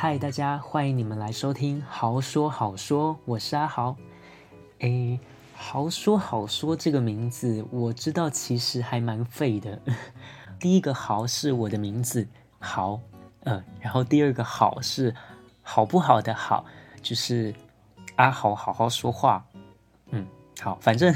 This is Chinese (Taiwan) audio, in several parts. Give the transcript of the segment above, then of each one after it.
嗨，大家歡迎你們來收聽《好說好說》，我是阿豪。誒，《好說好說》這個名字我知道，其實還蠻廢的。第一個“好”是我的名字，好，嗯、呃，然後第二個“好”是好不好的“好”，就是阿豪好好說話。嗯，好，反正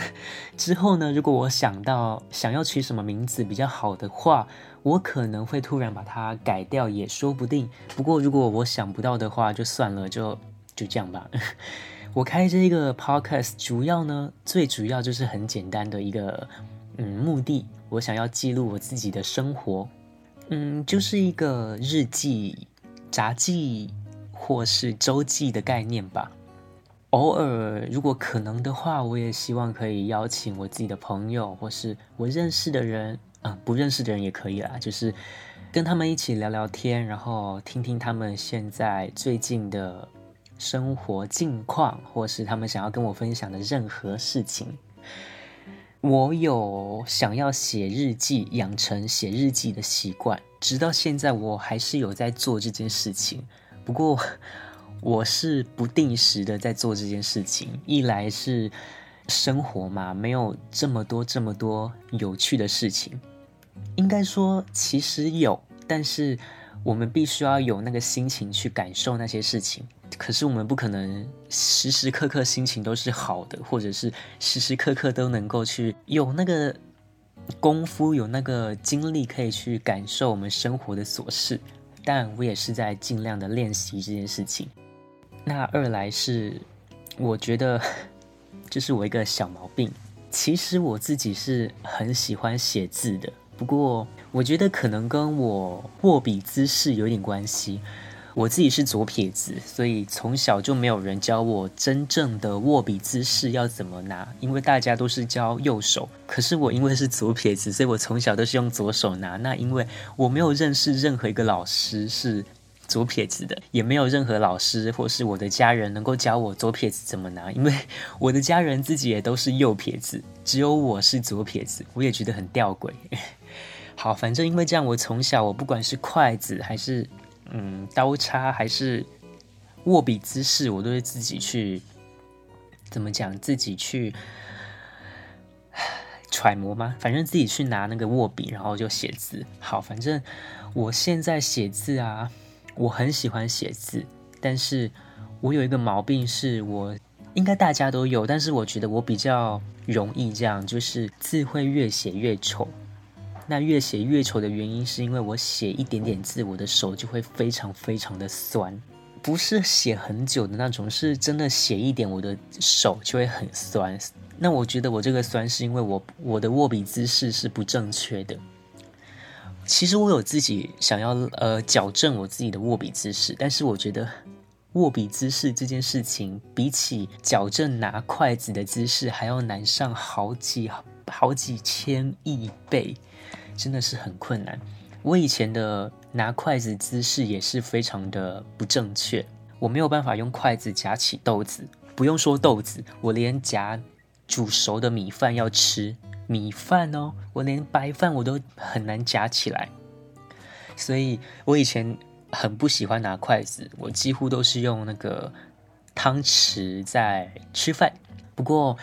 之後呢，如果我想到想要取什麼名字比較好的話。我可能會突然把它改掉，也說不定。不過如果我想不到的話，就算了，就就這樣吧。 我開這個 podcast 主要呢，最主要就是很簡單的一個嗯目的，我想要記錄我自己的生活，嗯，就是一個日記、雜記或是周記的概念吧。偶爾如果可能的話，我也希望可以邀請我自己的朋友或是我認識的人。啊、嗯，不認識的人也可以啦，就是跟他們一起聊聊天，然後聽聽他們現在最近的生活近況，或是他們想要跟我分享的任何事情。我有想要寫日記，養成寫日記的習慣，直到現在我還是有在做這件事情。不過我是不定時的在做這件事情，一來是生活嘛，沒有這麼多這麼多有趣的事情。應該說，其實有，但是我們必須要有那個心情去感受那些事情。可是我們不可能時時刻刻心情都是好的，或者是時時刻刻都能夠去有那個功夫、有那個精力可以去感受我們生活的瑣事。但我也是在盡量的練習這件事情。那二來是，我覺得這、就是我一個小毛病。其實我自己是很喜歡寫字的。不過，我覺得可能跟我握筆姿勢有點關係。我自己是左撇子，所以從小就沒有人教我真正的握筆姿勢要怎麼拿，因為大家都是教右手。可是我因為是左撇子，所以我從小都是用左手拿。那因為我沒有認識任何一個老師是左撇子的，也沒有任何老師或是我的家人能夠教我左撇子怎麼拿，因為我的家人自己也都是右撇子，只有我是左撇子，我也覺得很弔詭。好，反正因為這樣，我從小我不管是筷子還是嗯刀叉還是握筆姿勢，我都會自己去怎麼講，自己去揣摩嗎？反正自己去拿那個握筆，然後就寫字。好，反正我現在寫字啊，我很喜歡寫字，但是我有一個毛病，是我應該大家都有，但是我覺得我比較容易這樣，就是字會越寫越醜。那越寫越醜的原因，是因為我寫一點點字，我的手就會非常非常的酸，不是寫很久的那種，是真的寫一點，我的手就會很酸。那我覺得我這個酸是因為我我的握筆姿勢是不正確的。其實我有自己想要呃矯正我自己的握筆姿勢，但是我覺得握筆姿勢這件事情，比起矯正拿筷子的姿勢還要難上好幾好好幾千億倍，真的是很困難。我以前的拿筷子姿勢也是非常的不正確，我沒有辦法用筷子夾起豆子。不用說豆子，我連夾煮熟的米飯要吃米飯哦，我連白飯我都很難夾起來。所以我以前很不喜歡拿筷子，我幾乎都是用那個湯匙在吃飯。不過，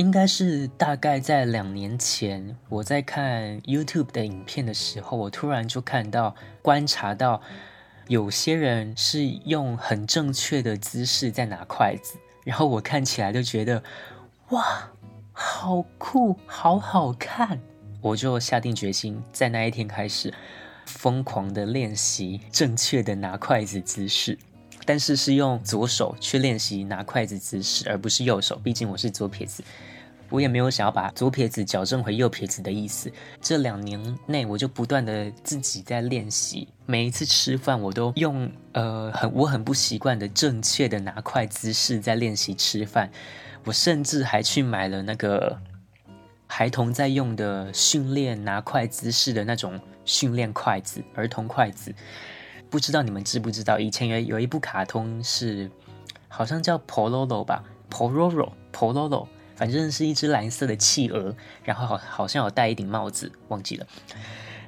應該是大概在兩年前，我在看 YouTube 的影片的時候，我突然就看到觀察到，有些人是用很正確的姿勢在拿筷子，然後我看起來就覺得哇，好酷，好好看，我就下定決心在那一天開始瘋狂的練習正確的拿筷子姿勢，但是是用左手去練習拿筷子姿勢，而不是右手，畢竟我是左撇子。我也沒有想要把左撇子矯正回右撇子的意思。這兩年內，我就不斷的自己在練習。每一次吃飯，我都用呃很我很不習慣的正確的拿筷姿勢在練習吃飯。我甚至還去買了那個孩童在用的訓練拿筷姿勢的那種訓練筷子，兒童筷子。不知道你們知不知道？以前有一有一部卡通是，好像叫《Pororo》吧，《Pororo》、《Pororo》。反正是一隻藍色的企鵝，然後好好像有戴一頂帽子，忘記了。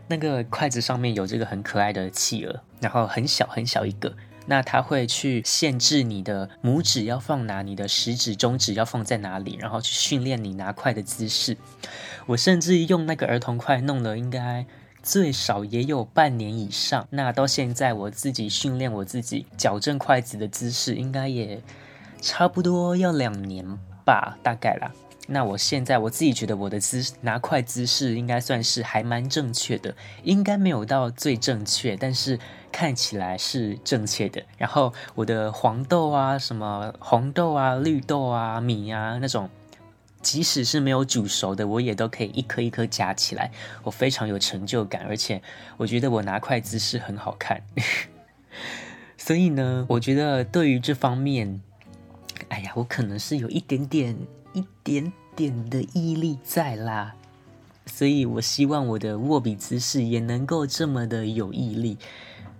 那個筷子上面有這個很可愛的企鵝，然後很小很小一個。那它會去限制你的拇指要放哪，你的食指、中指要放在哪裡，然後去訓練你拿筷的姿勢。我甚至用那個兒童筷弄了，應該最少也有半年以上。那到現在我自己訓練我自己矯正筷子的姿勢，應該也差不多要兩年吧，大概啦。那我現在我自己覺得我的姿拿筷子姿勢應該算是還蠻正確的，應該沒有到最正確，但是看起來是正確的。然後我的黃豆啊、什麼紅豆啊、綠豆啊、米啊那種，即使是沒有煮熟的，我也都可以一顆一顆夾起來，我非常有成就感，而且我覺得我拿筷子姿勢很好看。 所以呢，我覺得對於這方面。哎呀，我可能是有一點點、一點點的毅力在啦，所以我希望我的握筆姿勢也能夠這麼的有毅力。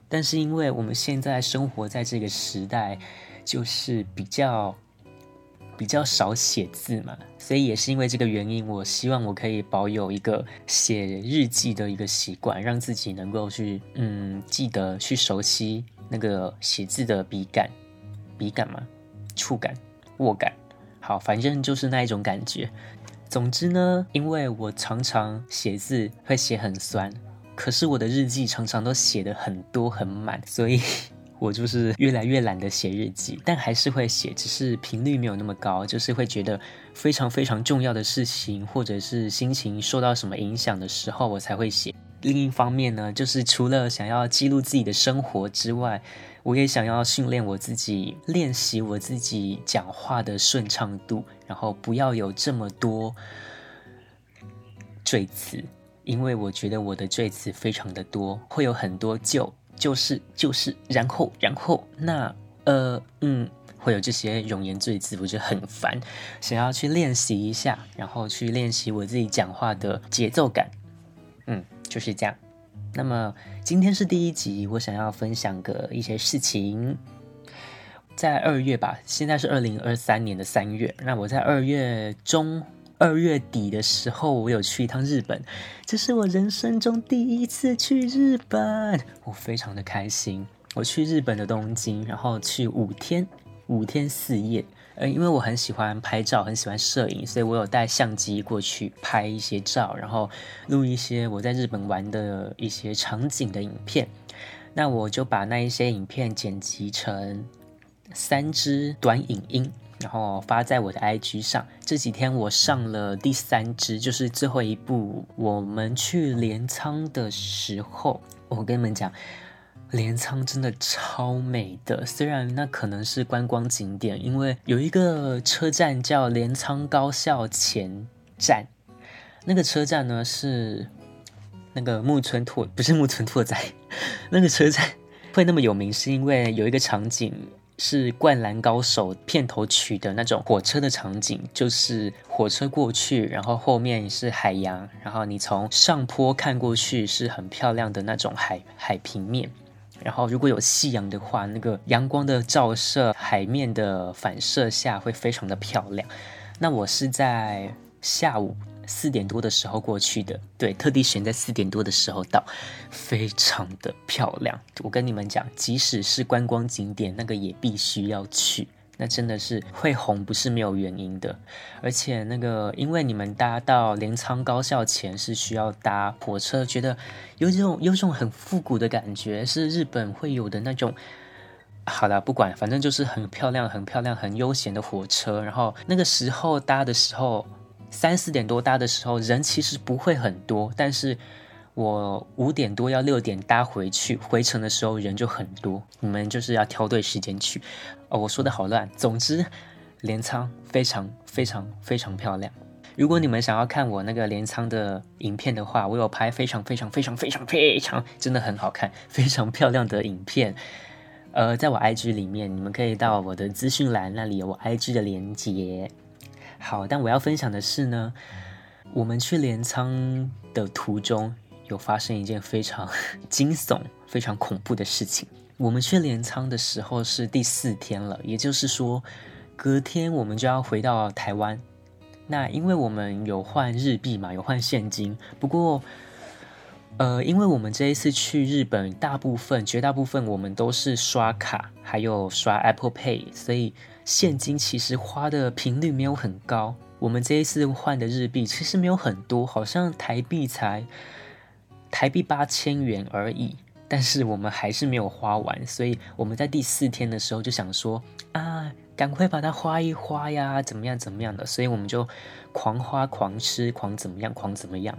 但是，因為我們現在生活在這個時代，就是比較比較少寫字嘛，所以也是因為這個原因，我希望我可以保有一個寫日記的一個習慣，讓自己能夠去嗯記得去熟悉那個寫字的筆桿筆桿嘛。觸感、握感，好，反正就是那一種感覺。總之呢，因為我常常寫字會寫很酸，可是我的日記常常都寫得很多很滿，所以我就是越來越懶得寫日記，但還是會寫，只是頻率沒有那麼高，就是會覺得非常非常重要的事情，或者是心情受到什麼影響的時候，我才會寫。另一方面呢，就是除了想要記錄自己的生活之外。我也想要訓練我自己，練習我自己講話的順暢度，然後不要有這麼多贅詞，因為我覺得我的贅詞非常的多，會有很多就就是就是，然後然後那呃嗯，會有這些冗言贅詞，我就很煩，想要去練習一下，然後去練習我自己講話的節奏感，嗯，就是這樣。那麼今天是第一集，我想要分享個一些事情，在二月吧，現在是二零二三年的三月。那我在二月中、二月底的時候，我有去一趟日本，這是我人生中第一次去日本，我非常的開心。我去日本的東京，然後去五天，五天四夜。呃，因為我很喜歡拍照，很喜歡攝影，所以我有帶相機過去拍一些照，然後錄一些我在日本玩的一些場景的影片。那我就把那一些影片剪輯成三支短影音，然後發在我的 IG 上。這幾天我上了第三支，就是最後一部。我們去鎌倉的時候，我跟你們講。鎌倉真的超美的，雖然那可能是觀光景點，因為有一個車站叫鎌倉高校前站，那個車站呢，是那個木村拓，不是木村拓哉，那個車站會那麼有名，是因為有一個場景是《灌籃高手》片頭曲的那種火車的場景，就是火車過去，然後後面是海洋，然後你從上坡看過去是很漂亮的那種海海平面。然後如果有夕陽的話，那個陽光的照射，海面的反射下會非常的漂亮。那我是在下午四點多的時候過去的，對，特地選在四點多的時候到，非常的漂亮。我跟你們講，即使是觀光景點，那個也必須要去。那真的是會紅，不是沒有原因的。而且那個，因為你們搭到鎌倉高校前是需要搭火車，覺得有這種有這種很復古的感覺，是日本會有的那種。好了，不管，反正就是很漂亮、很漂亮、很悠閒的火車。然後那個時候搭的時候，三四點多搭的時候人其實不會很多，但是我五點多要六點搭回去，回程的時候人就很多。你們就是要挑對時間去。哦，我說的好亂。總之，鎌倉非常非常非常漂亮。如果你們想要看我那個鎌倉的影片的話，我有拍非常非常非常非常非常真的很好看、非常漂亮的影片。呃，在我 IG 裡面，你們可以到我的資訊欄那裡有我 IG 的連接。好，但我要分享的是呢，我們去鎌倉的途中有發生一件非常驚悚、非常恐怖的事情。我們去鎌倉的時候是第四天了，也就是說，隔天我們就要回到台灣。那因為我們有換日幣嘛，有換現金。不過，呃，因為我們這一次去日本，大部分、絕大部分我們都是刷卡，還有刷 Apple Pay，所以現金其實花的頻率沒有很高。我們這一次換的日幣其實沒有很多，好像台幣才台幣八千元而已。但是我們還是沒有花完，所以我們在第四天的時候就想說啊，趕快把它花一花呀，怎麼樣怎麼樣的，所以我們就狂花狂吃狂怎麼樣狂怎麼樣。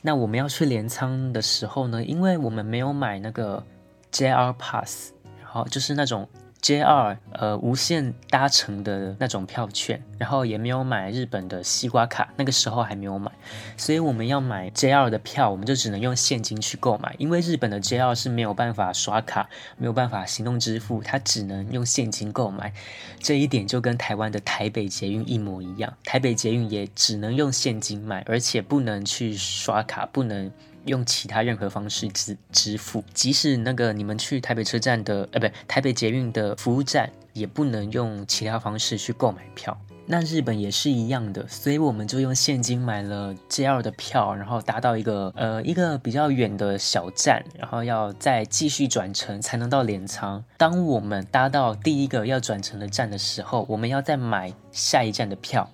那我們要去鐮倉的時候呢，因為我們沒有買那個 JR Pass，然後就是那種。JR 呃，無限搭乘的那種票券，然後也沒有買日本的西瓜卡，那個時候還沒有買，所以我們要買 JR 的票，我們就只能用現金去購買，因為日本的 JR 是沒有辦法刷卡，沒有辦法行動支付，它只能用現金購買，這一點就跟台灣的台北捷運一模一樣，台北捷運也只能用現金買，而且不能去刷卡，不能。用其他任何方式支支付，即使那個你們去台北車站的，呃，不對，台北捷運的服務站也不能用其他方式去購買票。那日本也是一樣的，所以我們就用現金買了 JR 的票，然後搭到一個呃一個比較遠的小站，然後要再繼續轉乘才能到鎌倉。當我們搭到第一個要轉乘的站的時候，我們要再買下一站的票。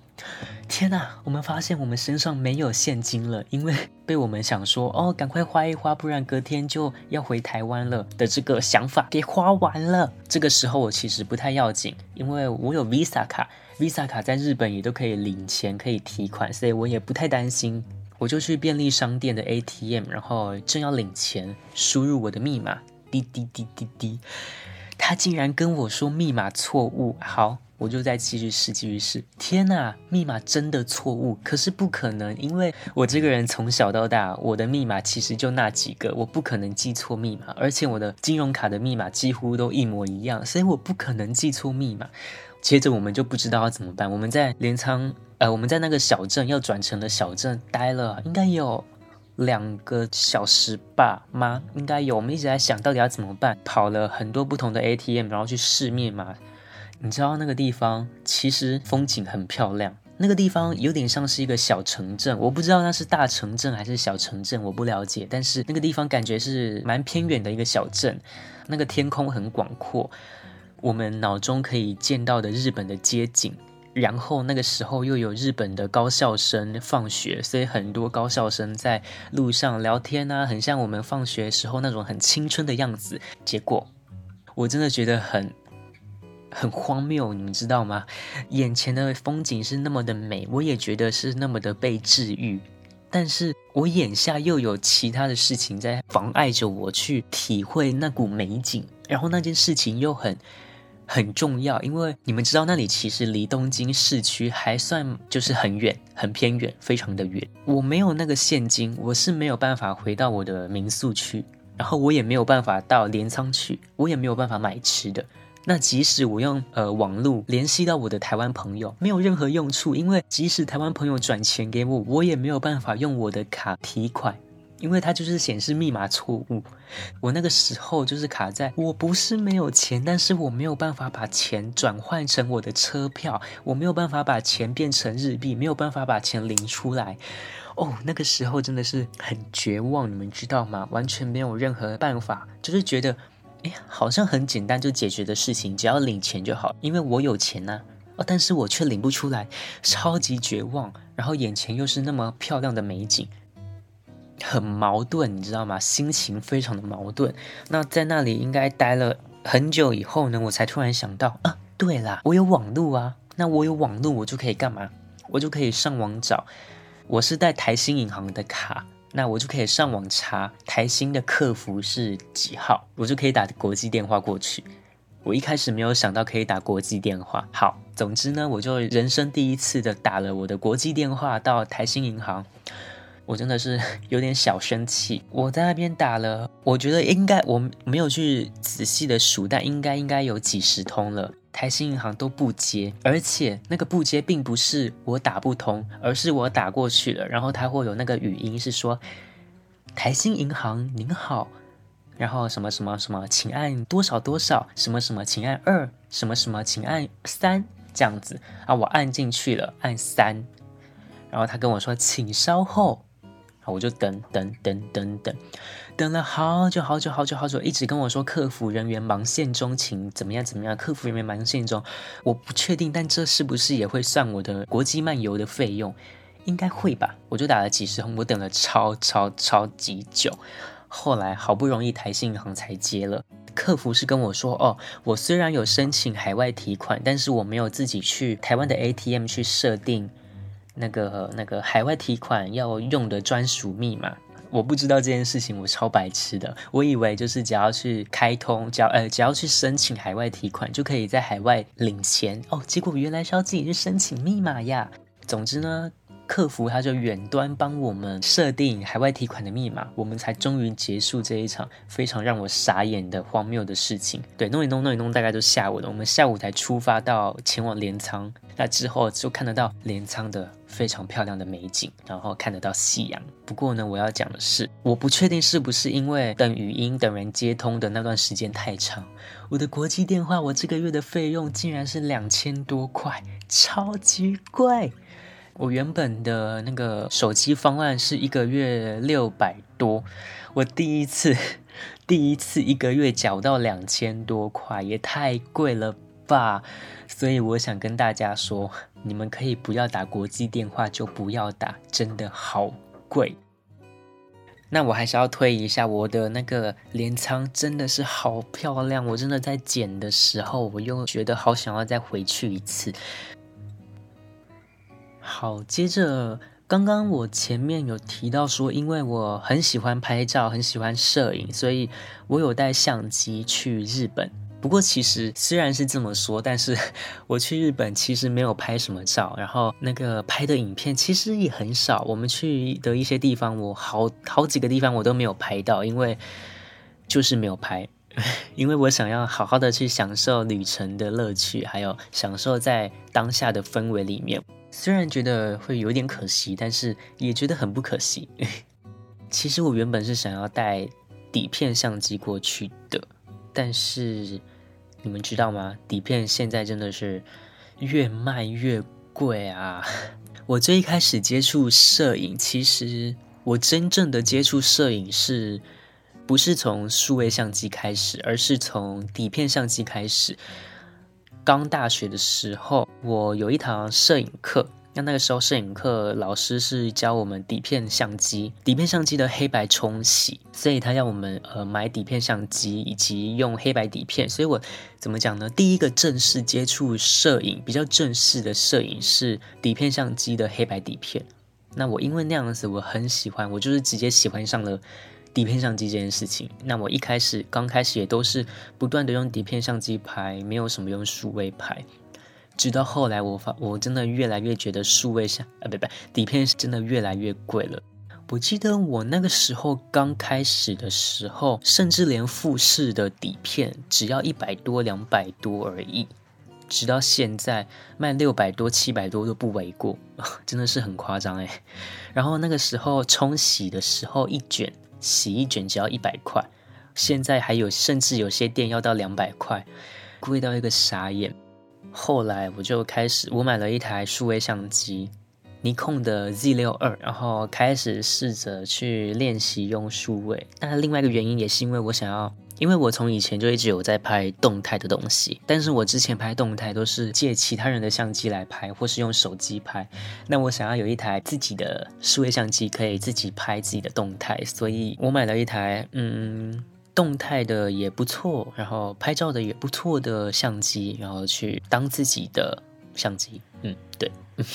天吶、啊，我們發現我們身上沒有現金了，因為被我們想說哦，趕快花一花，不然隔天就要回台灣了的這個想法給花完了。這個時候我其實不太要緊，因為我有 Visa 卡，Visa 卡在日本也都可以領錢，可以提款，所以我也不太擔心。我就去便利商店的 ATM，然後正要領錢，輸入我的密碼，滴滴滴滴滴滴，他竟然跟我說密碼錯誤。好。我就在繼續試，繼續試。天哪，密碼真的錯誤，可是不可能，因為我這個人從小到大，我的密碼其實就那幾個，我不可能記錯密碼，而且我的金融卡的密碼幾乎都一模一樣，所以我不可能記錯密碼。接着我們就不知道要怎麼辦，我們在鎌倉，呃，我們在那個小鎮要轉乘的小鎮待了應該有兩個小時吧，嗎？應該有，我們一直在想到底要怎麼辦，跑了很多不同的 ATM，然後去試密碼。你知道那個地方其實風景很漂亮，那個地方有點像是一個小城鎮，我不知道那是大城鎮還是小城鎮，我不了解。但是那個地方感覺是蠻偏遠的一個小鎮，那個天空很廣闊，我們腦中可以見到的日本的街景。然後那個時候又有日本的高校生放學，所以很多高校生在路上聊天吶、啊，很像我們放學時候那種很青春的樣子。結果我真的覺得很。很荒謬，你們知道嗎？眼前的風景是那麼的美，我也覺得是那麼的被治癒。但是我眼下又有其他的事情在妨礙着我去體會那股美景，然後那件事情又很很重要，因為你們知道那裡其實離東京市區還算就是很遠，很偏遠，非常的遠。我沒有那個現金，我是沒有辦法回到我的民宿去，然後我也沒有辦法到鎌倉去，我也沒有辦法買吃的。那即使我用呃網絡聯繫到我的台灣朋友，沒有任何用處，因為即使台灣朋友轉錢給我，我也沒有辦法用我的卡提款，因為它就是顯示密碼錯誤。我那個時候就是卡在我不是沒有錢，但是我沒有辦法把錢轉換成我的車票，我沒有辦法把錢變成日幣，沒有辦法把錢領出來。哦，那個時候真的是很絕望，你們知道嗎？完全沒有任何辦法，就是覺得。哎呀，好像很簡單就解決的事情，只要領錢就好，因為我有錢吶，啊哦，但是我卻領不出來，超級絕望。然後眼前又是那麼漂亮的美景，很矛盾，你知道嗎？心情非常的矛盾。那在那裡應該待了很久以後呢，我才突然想到，啊，對啦，我有網路啊，那我有網路，我就可以幹嘛？我就可以上網找，我是帶台新銀行的卡。那我就可以上網查台新的客服是幾號，我就可以打國際電話過去。我一開始沒有想到可以打國際電話，好，總之呢，我就人生第一次的打了我的國際電話到台新銀行，我真的是有點小生氣。我在那邊打了，我覺得應該我沒有去仔細的數，但應該應該有幾十通了。台新銀行都不接，而且那個不接並不是我打不通，而是我打過去了，然後它會有那個語音是說“台新銀行您好”，然後什麼什麼什麼，請按多少多少，什麼什麼請按二，什麼什麼請按三，這樣子啊，然後我按進去了，按三，然後他跟我說“請稍後”。好，我就等等等等等等，等了好久好久好久好久，一直跟我說客服人員忙線中請，請怎麼樣怎麼樣，客服人員忙線中，我不確定，但這是不是也會算我的國際漫遊的費用？應該會吧？我就打了幾十通，我等了超，超超超級久，後來好不容易台信銀行才接了，客服是跟我說，哦，我雖然有申請海外提款，但是我沒有自己去台灣的 ATM 去設定。那個那個海外提款要用的專屬密碼，我不知道這件事情，我超白痴的。我以為就是只要去開通，只要呃只要去申請海外提款，就可以在海外領錢哦。結果原來是要自己去申請密碼呀。總之呢，客服他就遠端幫我們設定海外提款的密碼，我們才終於結束這一場非常讓我傻眼的荒謬的事情。對，弄一弄弄一弄，大概就下午了，我們下午才出發到前往鎌倉。那之後就看得到鎌倉的非常漂亮的美景，然後看得到夕陽。不過呢，我要講的是，我不確定是不是因為等語音等人接通的那段時間太長，我的國際電話我這個月的費用竟然是兩千多塊，超級貴。我原本的那個手機方案是一個月六百多，我第一次，第一次一個月繳到兩千多塊，也太貴了吧！所以我想跟大家說，你們可以不要打國際電話，就不要打，真的好貴。那我還是要推一下我的那個鎌倉，真的是好漂亮，我真的在剪的時候，我又覺得好想要再回去一次。好，接着剛剛我前面有提到說，因為我很喜歡拍照，很喜歡攝影，所以我有帶相機去日本。不過其實雖然是這麼說，但是我去日本其實沒有拍什麼照，然後那個拍的影片其實也很少。我們去的一些地方，我好好幾個地方我都沒有拍到，因為就是沒有拍， 因為我想要好好的去享受旅程的樂趣，還有享受在當下的氛圍裡面。雖然覺得會有點可惜，但是也覺得很不可惜。 其實我原本是想要帶底片相機過去的，但是你們知道嗎？底片現在真的是越賣越貴啊！我最一開始接觸攝影，其實我真正的接觸攝影是不是從數位相機開始，而是從底片相機開始。剛大學的時候，我有一堂攝影課。那那個時候，攝影課老師是教我們底片相機、底片相機的黑白沖洗，所以他要我們呃買底片相機以及用黑白底片。所以我怎麼講呢？第一個正式接觸攝影、比較正式的攝影是底片相機的黑白底片。那我因為那樣子，我很喜歡，我就是直接喜歡上了。底片相機這件事情，那我一開始剛開始也都是不斷的用底片相機拍，沒有什麼用數位拍，直到後來我發我真的越來越覺得數位相啊，不、呃、不，底片是真的越來越貴了。我記得我那個時候剛開始的時候，甚至連富士的底片只要一百多、兩百多而已，直到現在賣六百多、七百多都不為過，真的是很誇張哎、欸。然後那個時候沖洗的時候一卷。洗一卷只要一百塊，現在還有甚至有些店要到兩百塊，貴到一個傻眼。後來我就開始，我買了一台數位相機，尼康的 Z 六二，然後開始試着去練習用數位。那另外一個原因也是因為我想要。因為我從以前就一直有在拍動態的東西，但是我之前拍動態都是借其他人的相機來拍，或是用手機拍。那我想要有一台自己的數位相機，可以自己拍自己的動態，所以我買了一台，嗯，動態的也不錯，然後拍照的也不錯的相機，然後去當自己的相機。嗯，對，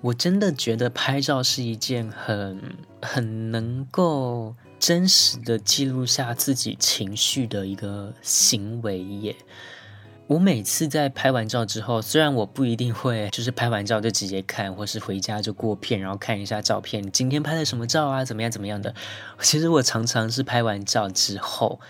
我真的覺得拍照是一件很、很能夠。真實的記錄下自己情緒的一個行為耶。我每次在拍完照之後，雖然我不一定會就是拍完照就直接看，或是回家就過片，然後看一下照片，今天拍的什麼照啊，怎麼樣怎麼樣的。其實我常常是拍完照之後，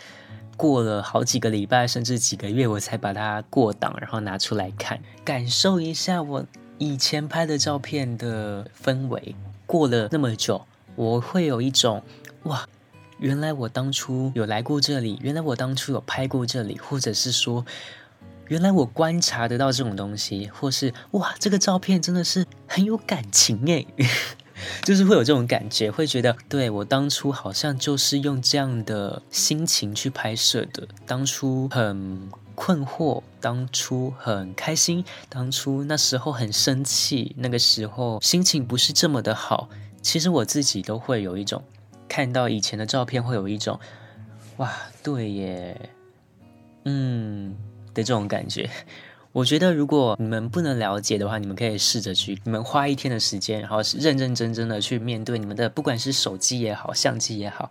過了好幾個禮拜，甚至幾個月，我才把它過檔，然後拿出來看，感受一下我以前拍的照片的氛圍。過了那麼久，我會有一種哇。原來我當初有來過這裡，原來我當初有拍過這裡，或者是說，原來我觀察得到這種東西，或是，哇，這個照片真的是很有感情誒。 就是會有這種感覺，會覺得，對，我當初好像就是用這樣的心情去拍攝的，當初很困惑，當初很開心，當初那時候很生氣，那個時候心情不是這麼的好，其實我自己都會有一種。看到以前的照片，會有一種“哇，對耶，嗯”的這種感覺。我覺得，如果你們不能了解的話，你們可以試着去，你們花一天的時間，然後是認認真真的去面對你們的，不管是手機也好，相機也好，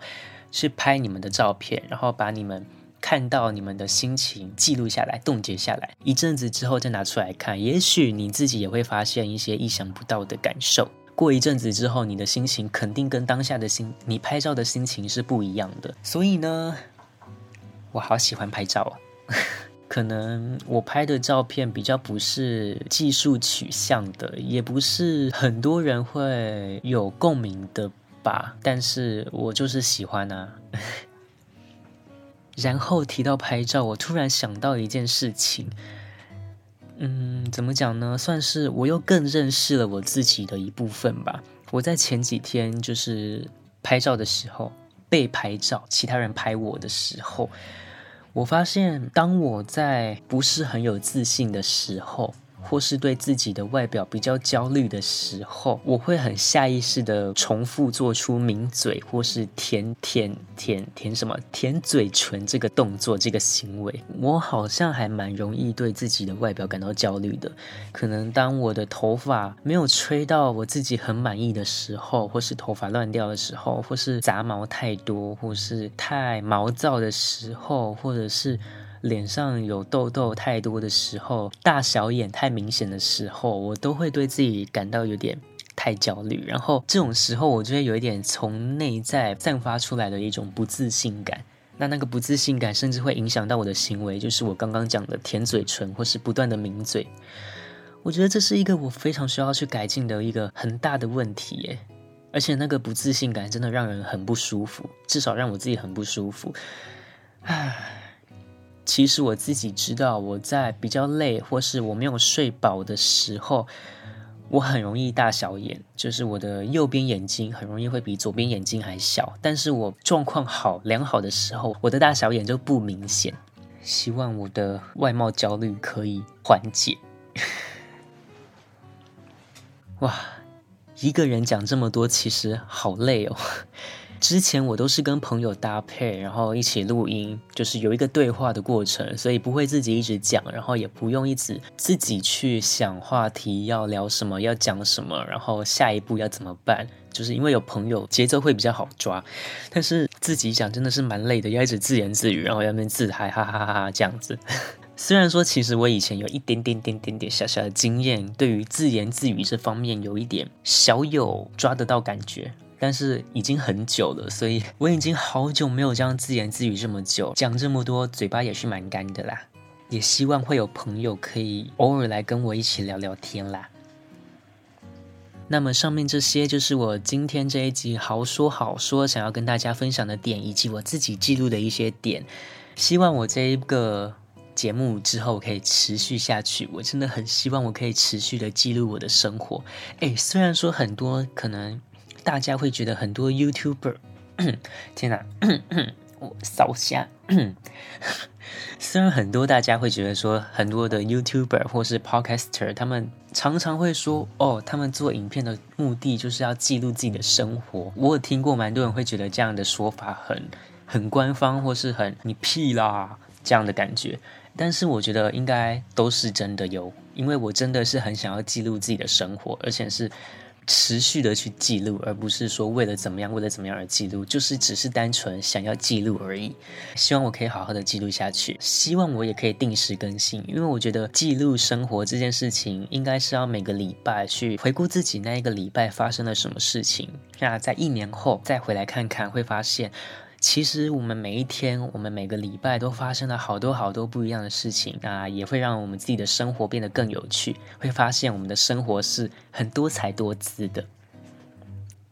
去拍你們的照片，然後把你們看到你們的心情記錄下來，凍結下來。一陣子之後再拿出來看，也許你自己也會發現一些意想不到的感受。過一陣子之後，你的心情肯定跟當下的心，你拍照的心情是不一樣的。所以呢，我好喜歡拍照啊。可能我拍的照片比較不是技術取向的，也不是很多人會有共鳴的吧。但是我就是喜歡啊。然後提到拍照，我突然想到一件事情。嗯，怎麼講呢？算是我又更認識了我自己的一部分吧。我在前幾天就是拍照的時候，被拍照，其他人拍我的時候，我發現當我在不是很有自信的時候。或是對自己的外表比較焦慮的時候，我會很下意識地重複做出抿嘴或是舔舔舔舔什麼舔嘴唇這個動作，這個行為，我好像還蠻容易對自己的外表感到焦慮的。可能當我的頭髮沒有吹到我自己很滿意的時候，或是頭髮亂掉的時候，或是雜毛太多，或是太毛躁的時候，或者是。臉上有痘痘太多的時候，大小眼太明顯的時候，我都會對自己感到有點太焦慮。然後這種時候，我就會有一點從內在散發出來的一種不自信感。那那個不自信感，甚至會影響到我的行為，就是我剛剛講的舔嘴唇或是不斷的抿嘴。我覺得這是一個我非常需要去改進的一個很大的問題耶。而且那個不自信感真的讓人很不舒服，至少讓我自己很不舒服。其實我自己知道，我在比較累或是我沒有睡飽的時候，我很容易大小眼，就是我的右邊眼睛很容易會比左邊眼睛還小。但是我狀況好良好的時候，我的大小眼就不明顯。希望我的外貌焦慮可以緩解。哇，一個人講這麼多，其實好累哦。之前我都是跟朋友搭配，然後一起錄音，就是有一個對話的過程，所以不會自己一直講，然後也不用一直自己去想話題要聊什麼，要講什麼，然後下一步要怎麼辦。就是因為有朋友，節奏會比較好抓。但是自己講真的是蠻累的，要一直自言自語，然後要邊自嗨，哈哈哈哈，這樣子。雖然說其實我以前有一點點點點點小小的經驗，對於自言自語這方面有一點小有抓得到感覺。但是已經很久了，所以我已經好久沒有這樣自言自語這麼久，講這麼多，嘴巴也是蠻乾的啦。也希望會有朋友可以偶爾來跟我一起聊聊天啦。那麼上面這些就是我今天這一集好說好說想要跟大家分享的點，以及我自己記錄的一些點。希望我這一個節目之後可以持續下去，我真的很希望我可以持續的記錄我的生活。誒，雖然說很多可能。大家會覺得很多 YouTuber，咳天哪，咳咳我掃下。雖然 很多大家會覺得說，很多的 YouTuber 或是 Podcaster，他們常常會說，哦，他們做影片的目的就是要記錄自己的生活。我有聽過蠻多人會覺得這樣的說法很很官方，或是很你屁啦這樣的感覺。但是我覺得應該都是真的有，因為我真的是很想要記錄自己的生活，而且是。持續的去記錄，而不是說為了怎麼樣，為了怎麼樣而記錄，就是只是單純想要記錄而已。希望我可以好好的記錄下去，希望我也可以定時更新，因為我覺得記錄生活這件事情，應該是要每個禮拜去回顧自己那一個禮拜發生了什麼事情，那在一年後再回來看看，會發現。其實我們每一天，我們每個禮拜都發生了好多好多不一樣的事情啊，也會讓我們自己的生活變得更有趣，會發現我們的生活是很多彩多姿的。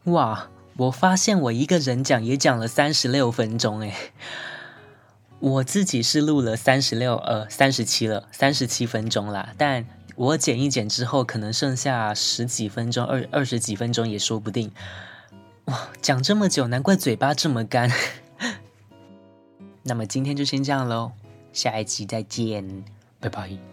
哇，我發現我一個人講也講了三十六分鐘哎、欸，我自己是錄了三十六呃三十七了三十七分鐘啦，但我剪一剪之後可能剩下十幾分鐘二二十幾分鐘也說不定。哇，講這麼久，難怪嘴巴這麼乾。那麼今天就先這樣嘍，下一期再見，拜拜。